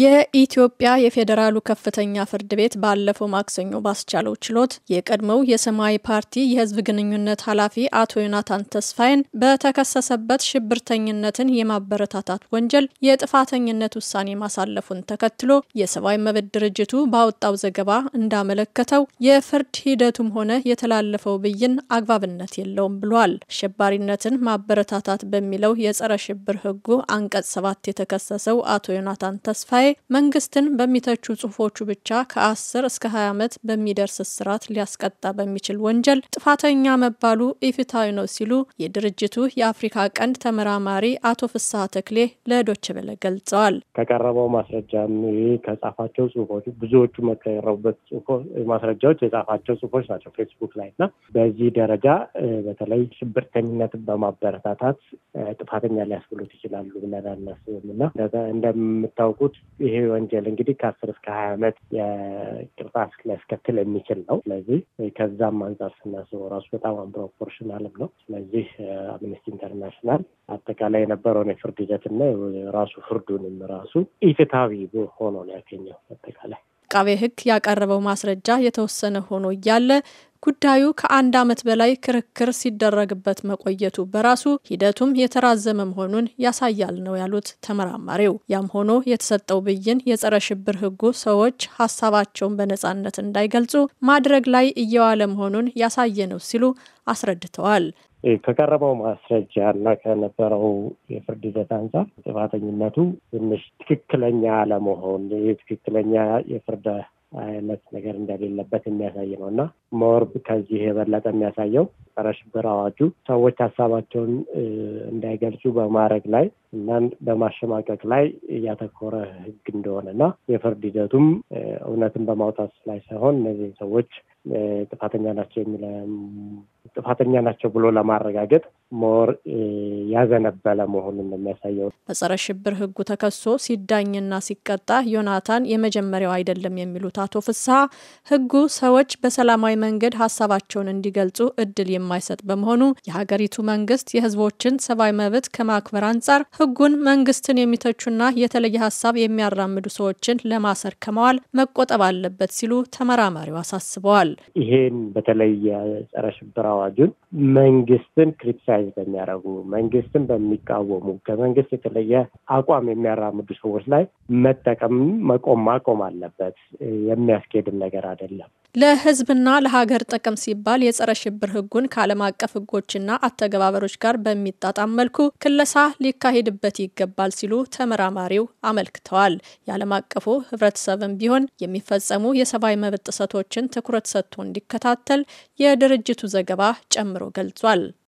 የኢትዮጵያ የፌዴራሉ ከፍተኛ ፍርድ ቤት ባለፈው ማክሰኞ ባስቻለው ችሎት የቀድሞው የሰማያዊ ፓርቲ የህዝብ ግንኙነት ኃላፊ አቶ ዮናታን ተስፋይን በተከሰሰበት ሽብርተኝነትን የማበረታታት ወንጀል የጥፋተኝነት ውሳኔ ማሳለፉን ተከትሎ የሰብአዊ መብት ድርጅቱ ባወጣው ዘገባ እንዳመለከተው የፍርድ ሂደቱም ሆነ የተላለፈው ብይን አግባብነት የለውም ብሏል። አሸባሪነትን ማበረታታት በሚለው የጸረ ሽብር ህጉ አንቀጽ ሰባት የተከሰሰው አቶ ዮናታን ተስፋ ተስፋዬ መንግስትን በሚተቹ ጽሁፎቹ ብቻ ከ10 እስከ 20 ዓመት በሚደርስ እስራት ሊያስቀጣ በሚችል ወንጀል ጥፋተኛ መባሉ ኢፍትሐዊ ነው ሲሉ የድርጅቱ የአፍሪካ ቀንድ ተመራማሪ አቶ ፍስሐ ተክሌ ለዶች በለ ገልጸዋል። ከቀረበው ማስረጃ ከጻፋቸው ጽሁፎች ብዙዎቹ መቀረቡበት ማስረጃዎች የጻፋቸው ጽሁፎች ናቸው ፌስቡክ ላይ እና በዚህ ደረጃ በተለይ ሽብርተኝነት በማበረታታት ጥፋተኛ ሊያስብሉት ይችላሉ ብለን አናስብም እና እንደምታውቁት ይሄ ወንጀል እንግዲህ ከአስር እስከ ሀያ ዓመት የቅጣት ሊያስከትል የሚችል ነው። ስለዚህ ከዛም አንጻር ስናስበው ራሱ በጣም አንፕሮፖርሽናልም ነው። ስለዚህ አምነስቲ ኢንተርናሽናል አጠቃላይ የነበረውን የፍርድ ሂደትና ራሱ ፍርዱንም ራሱ ኢፍትሐዊ ሆኖ ነው ያገኘው አጠቃላይ አቃቤ ሕግ ያቀረበው ማስረጃ የተወሰነ ሆኖ እያለ ጉዳዩ ከአንድ ዓመት በላይ ክርክር ሲደረግበት መቆየቱ በራሱ ሂደቱም የተራዘመ መሆኑን ያሳያል ነው ያሉት ተመራማሪው። ያም ሆኖ የተሰጠው ብይን የጸረ ሽብር ሕጉ ሰዎች ሀሳባቸውን በነጻነት እንዳይገልጹ ማድረግ ላይ እየዋለ መሆኑን ያሳየ ነው ሲሉ አስረድተዋል። ከቀረበው ማስረጃ እና ከነበረው የፍርድ ሂደት አንጻር ጥፋተኝነቱ ትንሽ ትክክለኛ አለመሆን ትክክለኛ የፍርድ አይነት ነገር እንደሌለበት የሚያሳይ ነው እና ሞር ከዚህ የበለጠ የሚያሳየው ጸረ ሽብር አዋጁ ሰዎች ሀሳባቸውን እንዳይገልጹ በማድረግ ላይ እና በማሸማቀቅ ላይ እያተኮረ ህግ እንደሆነ እና የፍርድ ሂደቱም እውነትን በማውጣት ላይ ሳይሆን እነዚህ ሰዎች ጥፋተኛ ናቸው የሚለ ጥፋተኛ ናቸው ብሎ ለማረጋገጥ ሞር ያዘነበለ መሆኑን የሚያሳየው በጸረ ሽብር ህጉ ተከሶ ሲዳኝና ሲቀጣ ዮናታን የመጀመሪያው አይደለም የሚሉት አቶ ፍስሀ ህጉ ሰዎች በሰላማዊ መንገድ ሀሳባቸውን እንዲገልጹ እድል የማ የማይሰጥ በመሆኑ የሀገሪቱ መንግስት የህዝቦችን ሰብአዊ መብት ከማክበር አንጻር ህጉን መንግስትን የሚተቹና የተለየ ሀሳብ የሚያራምዱ ሰዎችን ለማሰር ከመዋል መቆጠብ አለበት ሲሉ ተመራማሪው አሳስበዋል። ይሄን በተለይ የጸረ ሽብር አዋጁን መንግስትን ክሪቲሳይዝ በሚያደርጉ መንግስትን በሚቃወሙ ከመንግስት የተለየ አቋም የሚያራምዱ ሰዎች ላይ መጠቀም መቆም ማቆም አለበት። የሚያስኬድም ነገር አይደለም። ለህዝብና ለሀገር ጥቅም ሲባል የጸረ ሽብር ህጉን ከዓለም አቀፍ ሕጎችና አተገባበሮች ጋር በሚጣጣም መልኩ ክለሳ ሊካሄድበት ይገባል ሲሉ ተመራማሪው አመልክተዋል። የዓለም አቀፉ ህብረተሰብም ቢሆን የሚፈጸሙ የሰብአዊ መብት ጥሰቶችን ትኩረት ሰጥቶ እንዲከታተል የድርጅቱ ዘገባ ጨምሮ ገልጿል።